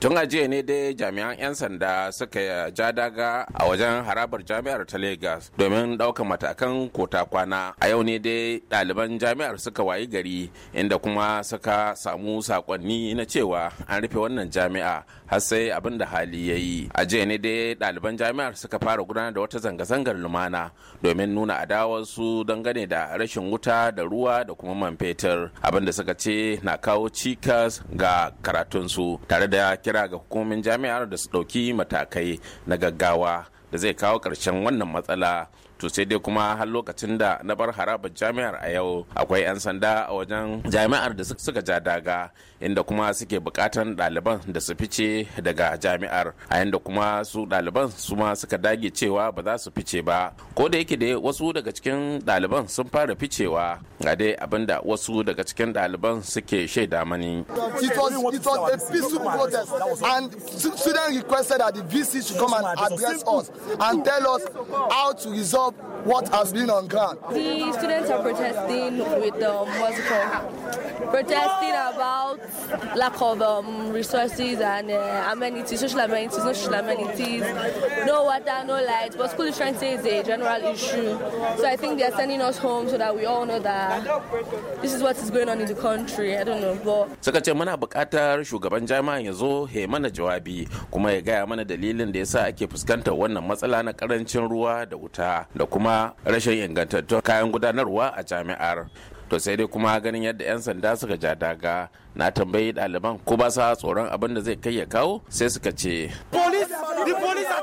tun a jiya ne dai jami'an 'yan sanda suka ja daga a wajen harabar jami'ar ta lagos domin ɗaukar matakan kota kwana a yau ne dai ɗaliban jami'ar suka wayi gari inda kuma suka samu sakonni na cewa an rufe wannan jami'a har sai abin da hali ya yi a jiya ne dai ɗaliban jami'ar suka fara gudanar da wata zanga-zangar lumana domin nuna adawarsu dangane da rashin wuta da ruwa da kuma man fetur abin da suka ce na kawo cikas ga karatunsu tare da kira ga hukumomin jami'ar da su ɗauki matakai na gaggawa da zai kawo ƙarshen wannan matsala to sai dai kuma har lokacin da na bar harabar jami'ar a yau akwai 'yan sanda a wajen jami'ar da suka ja daga inda kuma suke bukatan ɗaliban da su fice daga jami'ar a yanda kuma su ɗaliban su ma suka dage cewa ba za su fice ba ko da yake dai wasu daga cikin ɗaliban sun fara ficewa ga dai abin da wasu daga cikin ɗaliban suke shaida mani and requested that the VC resolve up what has been on ground. The students are protesting with um, what's it called? Protesting about lack of um, resources and uh, amenities, social amenities, no social amenities, no water, no light. But school is trying to say it's a general issue. So I think they're sending us home so that we all know that this is what is going on in the country. I don't know. But... Suka ce muna buƙatar shugaban jami'an ya zo ya mana jawabi kuma ya gaya mana dalilin da yasa ake fuskantar wannan matsala na karancin ruwa da wuta da kuma rashin ingantattun kayan gudanarwa a jami'ar to sai dai kuma ganin yadda 'yan sanda suka ja daga na tambayi ɗaliban ko ba sa tsoron abin da zai kai ya kawo sai suka ce police The police are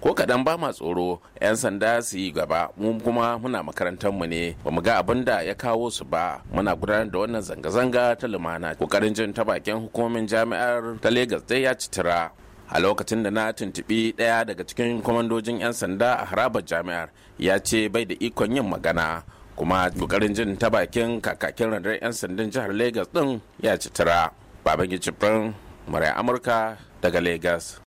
Ko kaɗan ba ma tsoro 'yan sanda su yi gaba mu kuma muna makarantar mu ne ba mu ga abin da ya kawo su ba muna gudanar da wannan zanga-zanga ta lumana kokarin jin ta bakin hukumomin jami'ar ta Legas dai ya citira a lokacin da na tuntubi ɗaya daga cikin kwamandojin 'yan sanda a harabar jami'ar ya ce bai da ikon yin magana kuma kokarin jin ta bakin kakakin randar 'yan sandan jihar Legas din ya citira baban gicifin murai amurka daga Legas.